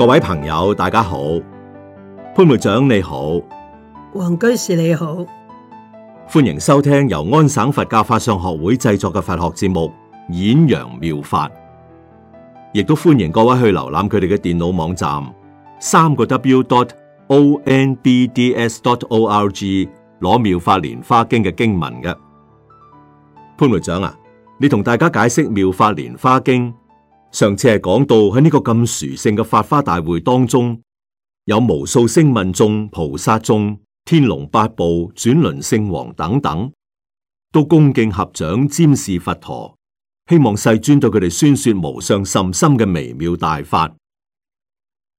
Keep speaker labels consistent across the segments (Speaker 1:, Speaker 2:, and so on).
Speaker 1: 各位朋友，大家好，潘會長你好，
Speaker 2: 黃居士你好，
Speaker 1: 歡迎收聽由安省佛教法相學會製作嘅佛學節目《演揚妙法》，亦都歡迎各位去瀏覽佢哋嘅電腦網站三個 w.dot.o.n.b.d.s.dot.o.r.g 攞《妙法蓮花經》嘅經文嘅。潘會長啊，你同大家解釋《妙法蓮花經》。上次係講到喺呢個咁殊勝嘅法花大會當中，有無數聲聞眾、菩薩眾、天龍八部、轉輪聖王等等，都恭敬合掌瞻視佛陀，希望世尊對佢哋宣說無上甚深嘅微妙大法。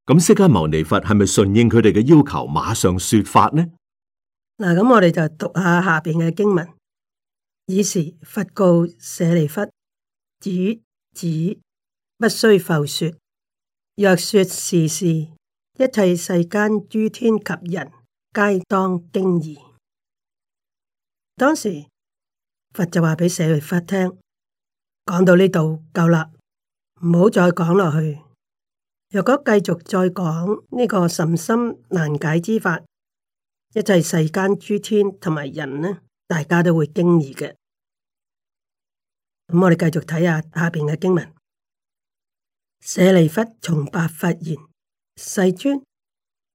Speaker 1: 咁釋迦牟尼佛係咪順應佢哋嘅要求，馬上說法呢？
Speaker 2: 嗱，咁我哋就讀下下邊嘅經文。爾時，佛告舍利弗：止，止！不須復說，若說是事，一切世間諸天及人，皆當驚疑。當時佛就話俾舍利弗聽，講到呢度夠啦，唔好再講落去。若果繼續再講呢個甚深，深難解之法，一切世間諸天同埋人呢，大家都會驚疑嘅。咁我哋繼續睇下下邊嘅經文。舍利弗，重白佛言：世尊，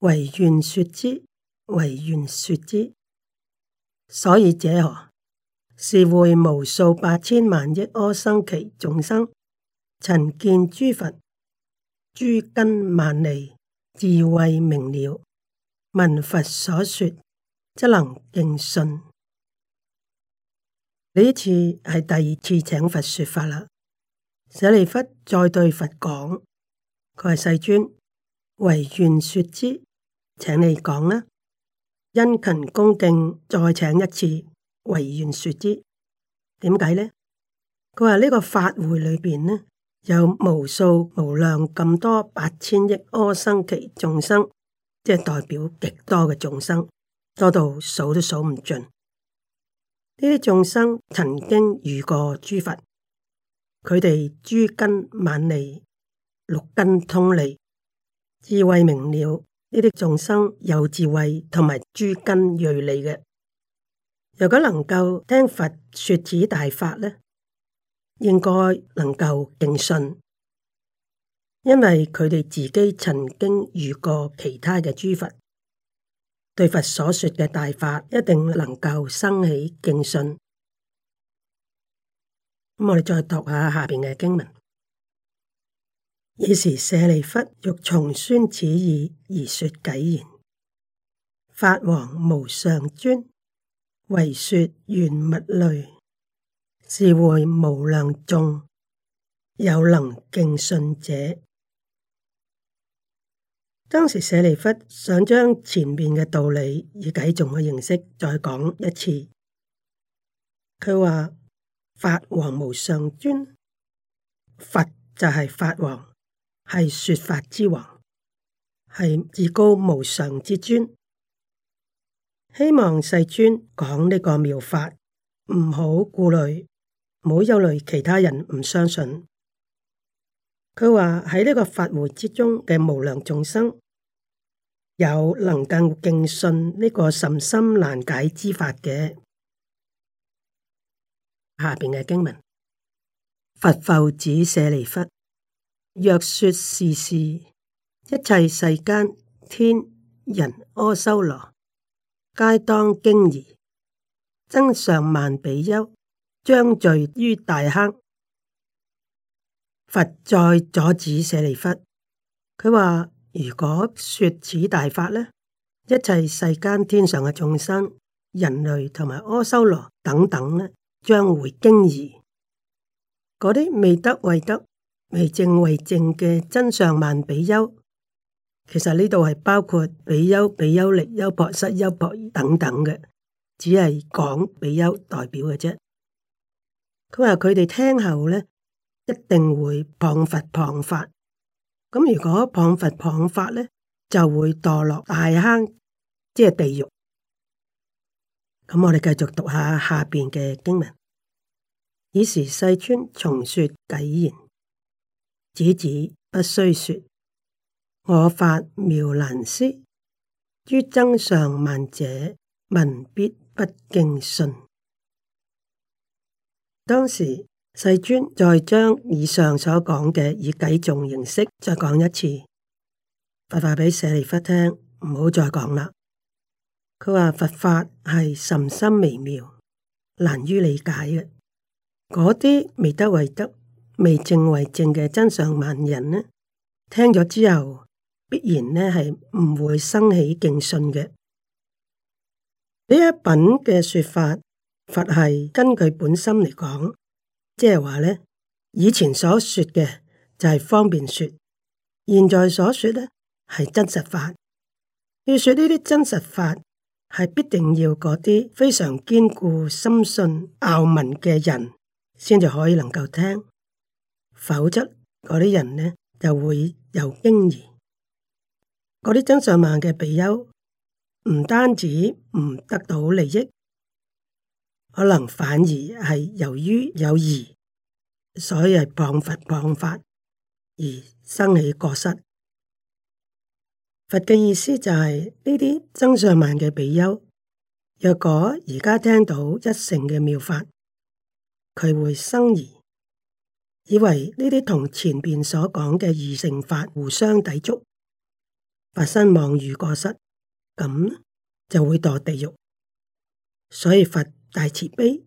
Speaker 2: 唯願說之，唯願說之。所以者何？是會無數百千萬億阿僧祇眾生，曾見諸佛，諸根猛利，智慧明了，聞佛所說，則能敬信。呢次係第二次請佛說法啦。舍利弗再對佛講：佢係世尊，唯願說之，請你講啦。殷勤恭敬，再請一次，唯願說之。點解呢？佢話呢個法會裏邊呢，有無數無量咁多八千億阿僧祇眾生，即係代表極多嘅眾生，多到數都數唔盡。呢啲眾生曾經遇過諸佛。佢哋諸根猛利，六根通利，智慧明了，呢啲眾生有智慧同埋諸根銳利嘅，如果能夠聽佛說此大法呢，應該能夠敬信，因為佢哋自己曾經遇過其他嘅諸佛，對佛所說嘅大法一定能夠生起敬信。咁我哋再讀下下邊嘅經文。爾時舍利弗欲重宣此義而說偈言：法王無上尊，唯說願勿慮，是會無量眾，有能敬信者。當時舍利弗想將前面嘅道理以偈頌嘅形式再講一次，佢話。法王無上尊，佛就係法王，係說法之王，係至高無上之尊。希望世尊講呢個妙法，唔好顧慮，唔好憂慮，其他人唔相信。佢話喺呢個法會之中嘅無量眾生，有能更敬信呢個甚深難解之法嘅。下邊嘅經文：佛復止舍利弗，若說是事，一切世間天人阿修羅，皆當驚疑，增上慢比丘將墜於大坑。」佛再阻止舍利弗，佢話：如果說此大法呢，一切世間天上嘅眾生、人類同埋阿修羅等等咧。將會驚疑，嗰啲未得為得，未證為證嘅增上慢比丘，其實呢度係包括比丘、比丘尼、優婆塞、優婆夷等等嘅，只係講比丘代表嘅啫。佢話佢哋聽後呢，一定會謗佛謗法，咁如果謗佛謗法呢，就會墮落大坑，即係地獄。咁我哋繼續讀下下邊嘅經文。爾時世尊重說偈言：止止不須說，我法妙難思，諸增上慢者，聞必不敬信。當時世尊再將以上所講嘅以偈頌形式再講一次，快快畀舍利弗聽，唔好再講啦。佢話佛法係甚深微妙，難於理解嘅。嗰啲未得為得、未證為證嘅增上慢人呢，聽咗之後必然呢係唔會生起敬信嘅。呢一品嘅說法，佛係根據本心嚟講，即係話呢以前所說嘅就係方便說，現在所說呢係真實法。要說呢啲真實法。係必定要嗰啲非常堅固、深信好聞嘅人，先至可以能夠聽，否則嗰啲人呢就會有驚疑。嗰啲增上慢嘅比丘，唔單止唔得到利益，可能反而係由於有疑，所以係謗佛謗法而生起過失。佛嘅意思就係呢啲增上慢嘅比丘，若果而家聽到一乘嘅妙法，佢會生疑，以為呢啲同前邊所講嘅二乘法互相抵觸，發生妄語過失，咁就會墮地獄。所以佛大慈悲，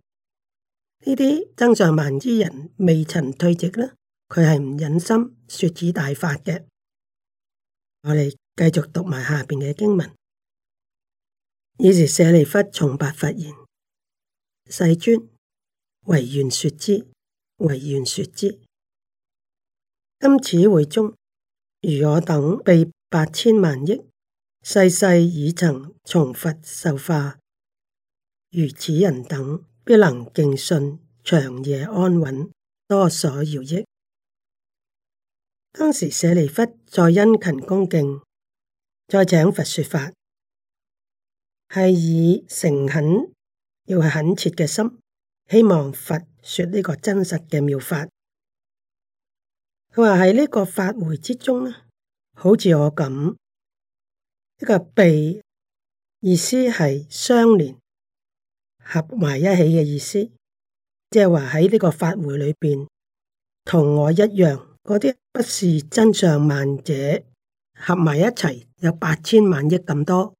Speaker 2: 呢啲增上慢之人未曾退席啦，佢係唔忍心說此大法嘅，我哋。繼續讀埋下邊嘅經文。爾時舍利弗重白佛言：世尊，唯願說之，唯願說之。今此會中，如我等比百千萬億，世世已曾從佛受化，如此人等，必能敬信，長夜安穩，多所饒益。當時舍利弗再殷勤恭敬，再請佛說法，係以誠懇又係懇切嘅心，希望佛說呢個真實嘅妙法。佢話喺呢個法會之中呢，好似我咁，呢個鼻意思係相連合埋一起嘅意思，即係話喺呢個法會裏邊，同我一樣嗰啲不是真相慢者合埋一齊。有八千萬億咁多，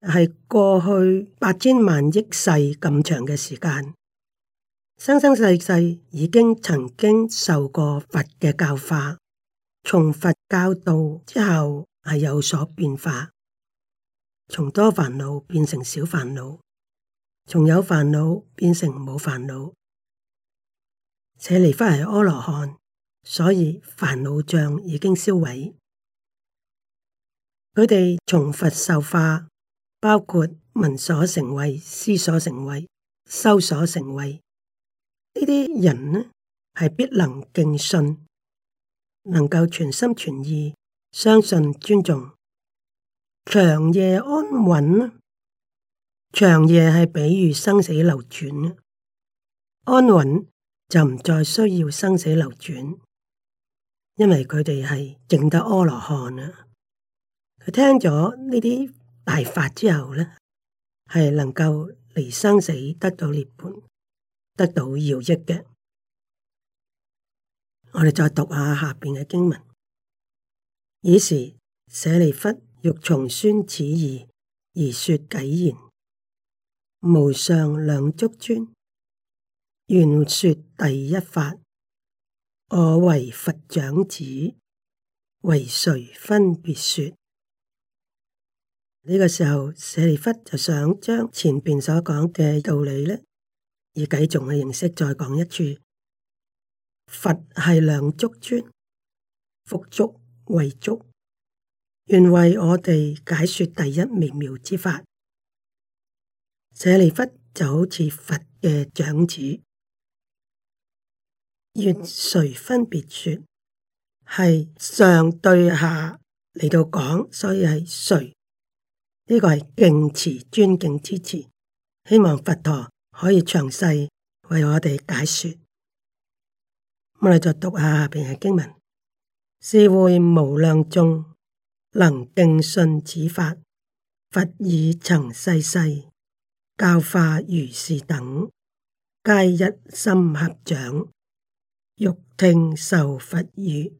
Speaker 2: 係過去八千萬億世咁長嘅時間，生生世世已經曾經受過佛嘅教化，從佛教，教導之後係有所變化，從多煩惱變成少煩惱，從有煩惱變成冇煩惱，捨離返嚟係阿羅漢，所以煩惱障已經消毀。佢哋從佛受化，包括聞所成慧、思所成慧、修所成慧，呢啲人呢係必能敬信，能夠全心全意相信尊重。長夜安穩呢？長夜係比喻生死流轉，安穩就唔再需要生死流轉，因為佢哋係證得阿羅漢啊。佢聽咗呢啲大法之後呢係能夠離生死得，得到涅槃，得到饒益嘅。我哋再讀一下下面嘅經文。爾時舍利弗欲從宣此義而說偈言：無上兩足尊，願說第一法。我為佛長子，為誰分別說？呢個時候，舍利弗就想將前邊所講嘅道理呢，以偈頌嘅形式再講一次：佛梁「佛係兩足尊，福足慧足，願為我哋解說第一微妙之法。舍利弗就好似佛嘅長子，願誰分別說係上對下嚟到講，所以係誰？呢個係敬詞、尊敬之詞，希望佛陀可以詳細為我哋解說。咁我哋就讀下下邊嘅經文：是會無量眾能敬信此法，佛已曾世世，教化如是等，皆一心合掌，欲聽受佛語。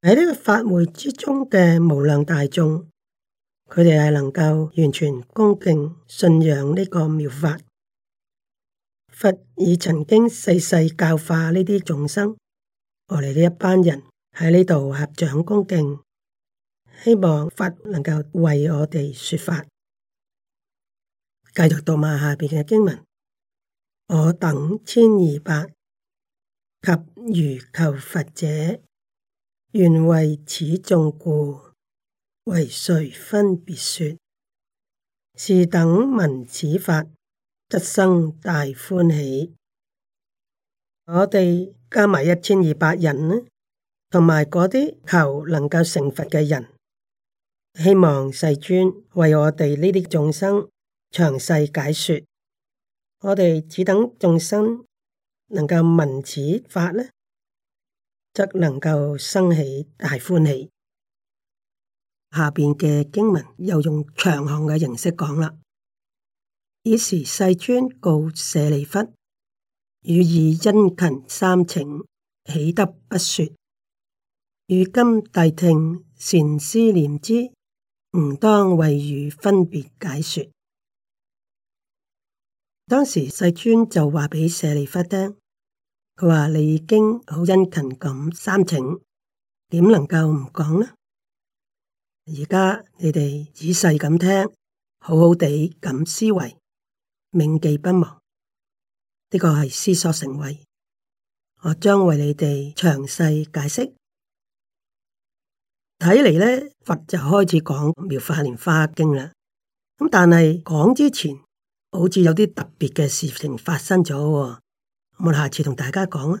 Speaker 2: 喺呢個法會之中嘅無量大眾。佢哋係能夠完全恭敬信仰呢個妙法，佛已曾經世世教化呢啲眾生。我哋呢一班人喺呢度合掌恭敬，希望佛能夠為我哋說法。繼續讀下下邊嘅經文：我等千二百及餘求佛者，願為此眾故。為誰分別說？是等聞此法，則生大歡喜。我哋加埋一千二百人呢，同埋嗰啲求能夠成佛嘅人，希望世尊為我哋呢啲眾生詳細解說。我哋只等眾生能夠聞此法呢，則能夠生起大歡喜。下邊嘅經文又用長行嘅形式講啦。彼時世尊告舍利弗：汝已殷勤三請，豈得不說？如今諦聽，善思念之，吾當為汝分別解說。當時世尊就話俾舍利弗聽，佢話你已經好殷勤咁三請，點能夠唔講呢？而家你哋仔細咁聽，好好地咁思維，銘記不忘，呢、這個係思索成慧。我將為你哋詳細解釋。睇嚟咧，佛就開始講《妙法蓮華經》啦。咁但係講之前，好似有啲特別嘅事情發生咗，我下次同大家講。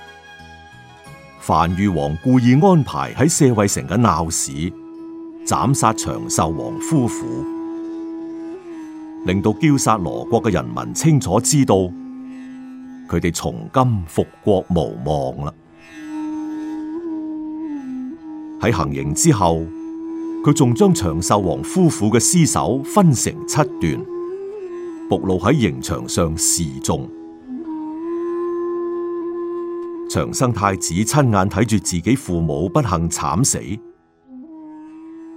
Speaker 1: 梵豫王故意安排喺舍衛城嘅鬧市斬殺長壽王夫婦，令到憍薩羅國嘅人民清楚知道，佢哋從今復國無望啦。喺行刑之後，佢仲將長壽王夫婦嘅屍首分成七段，暴露喺刑場上示眾。長生太子親眼睇住自己父母不幸慘死，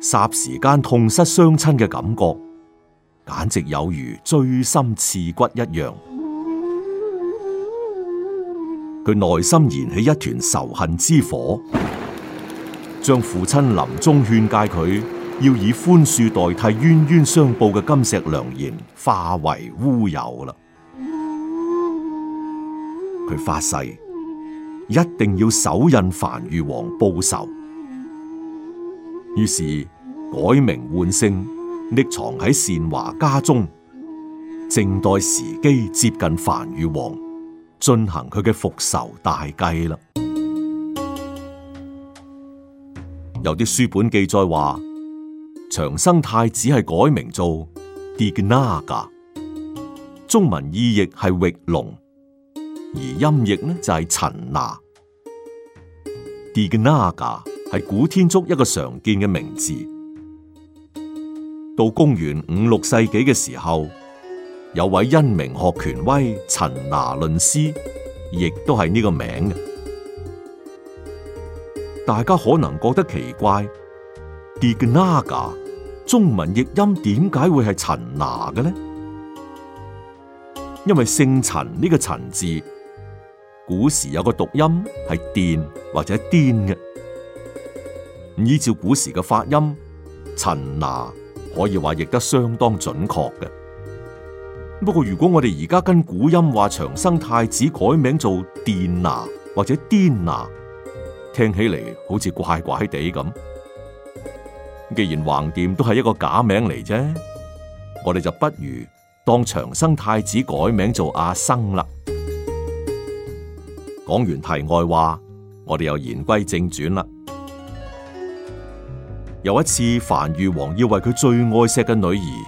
Speaker 1: 霎時間痛失雙親嘅感覺，簡直有如錐心刺骨一樣。佢內心燃起一團仇恨之火，將父親臨終勸誡佢要以寬恕代替冤冤相報嘅金石良言化為烏有啦。佢發誓。一定要手刃樊玉王報仇，於是改名換姓，匿藏喺善華家中，靜待時機，接近樊玉王，進行佢嘅復仇大計啦。有啲書本記載話，長生太子係改名做 Dignaga，中文意譯係域龍。而音譯呢，就係陳拿 Dignaga 係古天竺一個常見嘅名字。到公元五六世紀嘅時候，有位因明學權威陳拿論師，亦都係呢個名。大家可能覺得奇怪 Dignaga 中文譯音點解會係陳拿嘅呢？因為姓陳呢個陳字。古時有個讀音係電或者癲嘅，依照古時嘅發音，陳拿可以話譯得相當準確嘅。不過如果我哋而家跟古音話長生太子改名做電拿或者癲拿，聽起嚟好似怪怪地咁。既然橫掂都係一個假名嚟啫，我哋就不如當長生太子改名做阿生啦。講完題外話，我哋又言歸正傳啦。有一次，樊裕皇要為佢最愛錫嘅女兒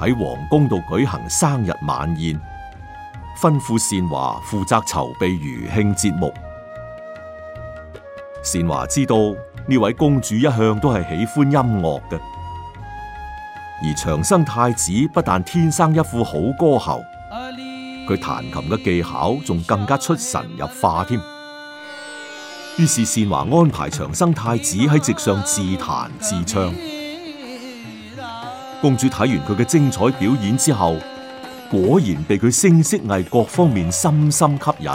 Speaker 1: 喺皇宮度舉行生日晚宴，吩咐善華負責籌備餘慶節目。善華知道呢位公主一向都係喜歡音樂嘅，而長生太子不但天生一副好歌喉。佢彈琴嘅技巧仲更加出神入化添。於是善華安排長生太子喺席上自彈自唱。公主睇完佢嘅精彩表演之後，果然被佢聲色藝各方面深深吸引，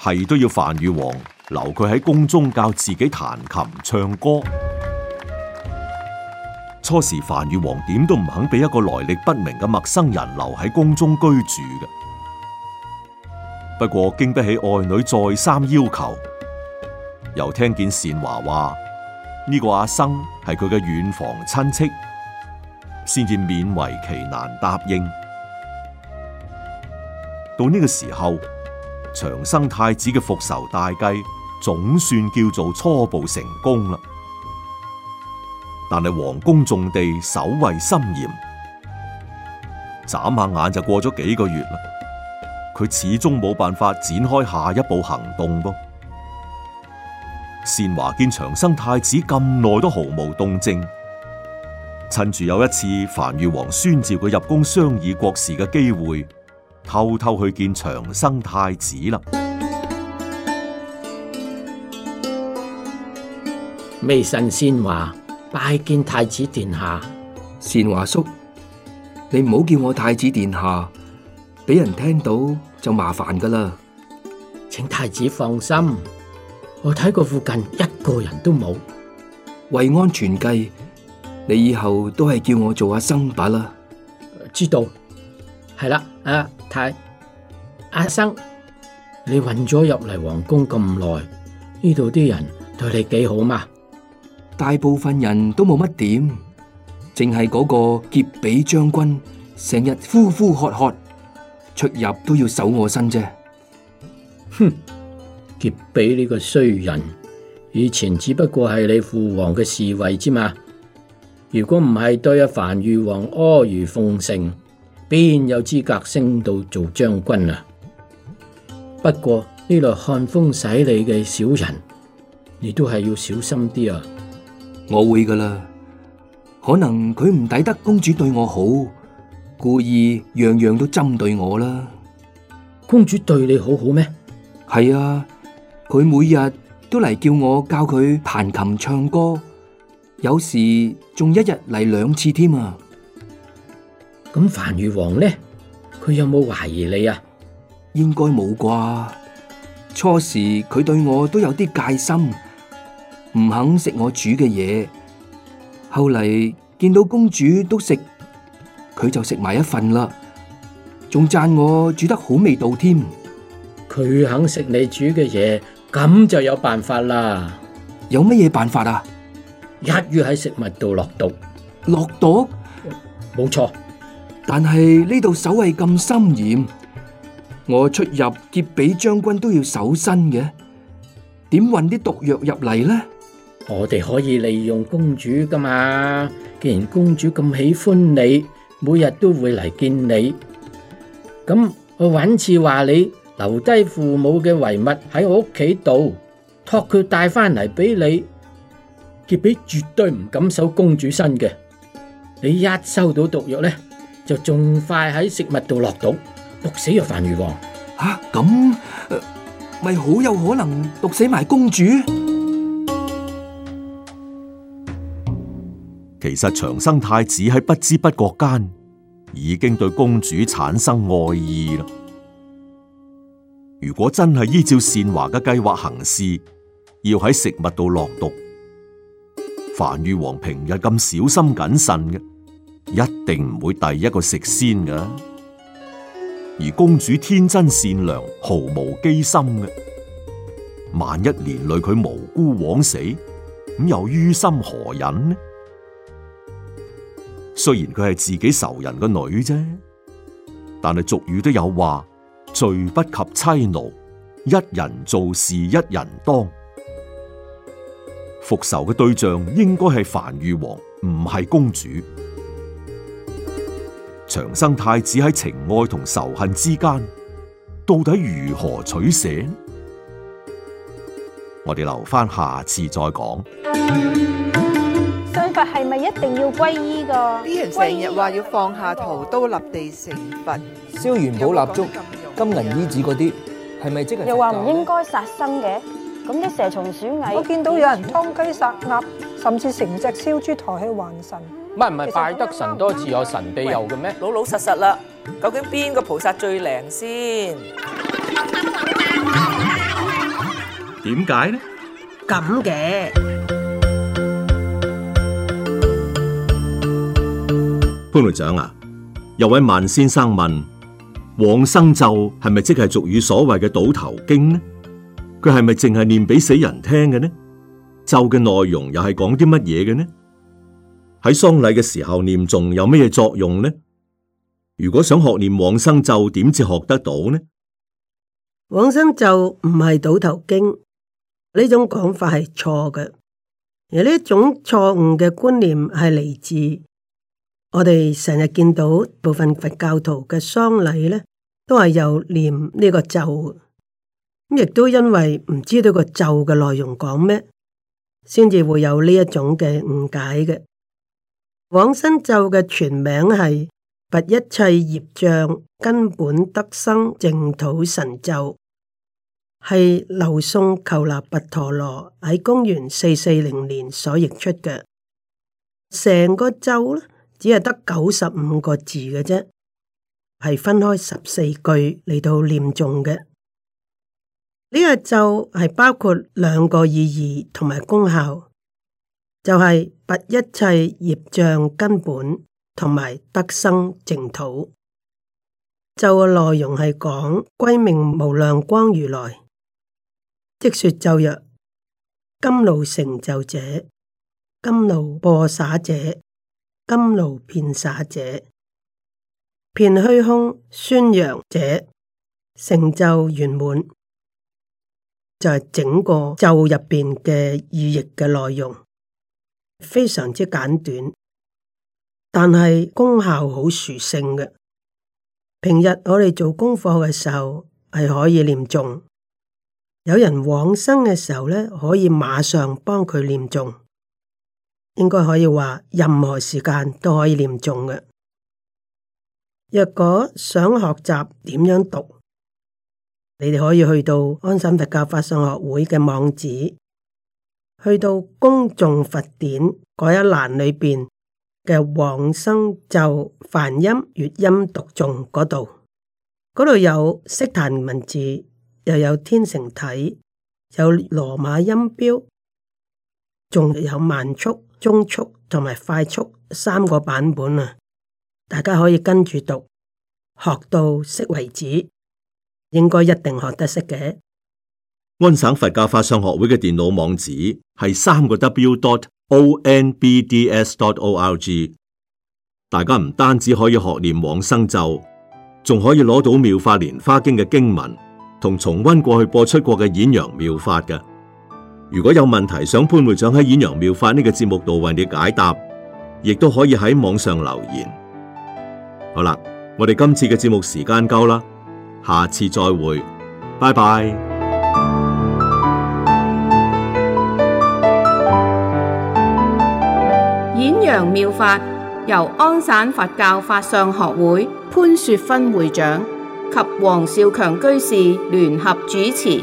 Speaker 1: 係都要梵豫王留佢喺宮中教自己彈琴唱歌。初時，梵豫王點都唔肯俾一個來歷不明嘅陌生人留喺宮中居住嘅。不過，經不起愛女再三要求，又聽見善華話呢個阿生係佢嘅遠房親戚，先至勉為其難答應。到呢個時候，長生太子嘅復仇大計總算叫做初步成功啦。但係皇宮重地，守衛森嚴，眨下眼就過咗幾個月啦。佢始終冇辦法展開下一步行動噃。善華見長生太子咁耐都毫無動靜，趁住有一次樊裕皇宣召佢入宮商議國事嘅機會，偷偷去見長生太子啦。未信善華。
Speaker 3: 拜見太子殿下。善華叔，你唔好叫我太子殿下，俾人聽到就麻煩噶啦。請太子放心，我睇過附近一個人都冇。為安全計，你以後都係叫我做阿生把啦。知道，係啦，啊，太、阿生，你混咗入嚟皇宮咁耐，呢度啲人對你幾好嘛？大部分人都冇乜點，淨係嗰個劫比將軍成日呼呼喝喝，出入都要守我身啫。哼，劫比呢個衰人，以前只不過係你父王嘅侍衛啫嘛。如果唔係對阿梵豫王阿諛奉承，邊有資格升到做將軍啊？不過呢度看風使你嘅小人，你都係要小心啲啊！我會噶啦，可能佢唔抵得公主對我好，故意樣樣都針對我啦。公主對你好好咩？係啊，佢每日都嚟叫我教佢彈琴唱歌，有時仲一日嚟兩次添啊。咁梵豫王呢？佢有冇懷疑你啊？應該冇啩，初時佢對我都有啲戒心。唔肯食我煮嘅嘢，後嚟見到公主都食，佢就食埋一份啦，仲讚我煮得好味道添。佢肯食你煮嘅嘢，咁就有辦法啦。有乜嘢辦法啊？一於喺食物度落毒。落毒，冇錯。但係呢度守衛咁森嚴，我出入劫俾將軍都要守身嘅，點運啲毒藥入嚟呢？我哋可以利用公主噶嘛？既然公主咁喜歡你，每日都會嚟見你，咁我允次話你留低父母嘅遺物喺我屋企度，託佢帶翻嚟俾你。佢比絕對唔敢守公主身嘅，你一收到毒藥咧，就仲快喺食物度落毒，毒死咗梵豫王吓咁，咪好，啊呃、有可能毒死埋公主。
Speaker 1: 其實長生太子喺不知不覺間已經對公主產生愛意啦。如果真係依照善華嘅計劃行事，要喺食物度落毒，梵豫王平日咁小心謹慎嘅，一定唔會第一個食先㗎。而公主天真善良，毫無機心嘅，萬一連累佢無辜枉死，咁又於心何忍呢？雖然佢係自己仇人嘅女啫，但係俗語都有話，罪不及妻奴，一人做事一人當。復仇嘅對象應該係梵豫王，唔係公主。長生太子喺情愛同仇恨之間，到底如何取捨？我哋留翻下，下次再講。
Speaker 3: 係咪一定要皈依㗎？啲人成日話要放下屠刀立地成佛，燒元寶蠟燭、金銀衣紙嗰啲，係咪即係？又話唔應該殺生
Speaker 2: 嘅，咁啲蛇蟲鼠蟻，我見到有人劏雞殺鴨，甚至成隻燒豬抬去還神。
Speaker 3: 唔係唔係，拜得神多自有神庇佑嘅咩？老老實實啦，究竟邊個菩薩最靈先？
Speaker 1: 點解呢？
Speaker 2: 咁嘅。
Speaker 1: 潘道長啊，有位萬先生問：往生咒係咪即係俗語所謂嘅倒頭經呢？佢係咪淨係念俾死人聽嘅呢？咒嘅內容又係講啲乜嘢嘅呢？喺喪禮嘅時候念誦有咩嘢作用呢？如果想學念往生咒，點至學得到呢？
Speaker 2: 往生咒唔係倒頭經呢種講法係錯嘅，而呢一種錯誤嘅觀念係嚟自。我哋成日見到部分佛教徒嘅喪禮呢，都係有念呢個咒，咁亦都因為唔知道個咒嘅內容講咩，先至會有呢一種嘅誤解嘅。往生咒嘅全名係拔一切業障根本得生淨土神咒，係劉宋求那跋陀羅喺公元四四零年所譯出嘅，成個咒呢。只係得九十五個字嘅啫，係分開十四句嚟到念誦嘅。呢、這個咒係包括兩個意義同埋功效，就係、是、拔一切業障根本，同埋得生淨土。咒嘅內容係講歸命無量光如來，即說咒曰：甘露成就者，甘露播灑者。甘露遍灑者，遍虛空宣揚者，成就圓滿就係、是、整個咒入邊嘅語譯嘅內容，非常之簡短，但係功效好殊勝嘅。平日我哋做功課嘅時候係可以念誦，有人往生嘅時候咧，可以馬上幫佢念誦。應該可以話，任何時間都可以念誦嘅。若果想學習點樣讀，你哋可以去到安省佛教法相學會嘅網址，去到公眾佛典嗰一欄裏邊嘅往生咒梵音粵音讀誦嗰度，嗰度有悉曇文字，又有天城體，有羅馬音標，仲有慢速。中速同埋快速三個版本啊，大家可以跟住讀，學到識為止，應該一定學得識嘅。
Speaker 1: 安省佛教法相學會嘅電腦網址係三個 w.dot.onbds.dot.org，大家唔單止可以學念往生咒，仲可以攞到妙法蓮花經嘅經文，同重溫過去播出過嘅演揚妙法嘅。如果有問題，想潘會長喺《演揚妙法》呢個節目度為你解答，亦都可以喺網上留言。好啦，我哋今次嘅節目時間夠啦，下次再會，拜拜。
Speaker 3: 《演揚妙法》由安省佛教法相學會潘雪芬會長及黃少強居士聯合主持。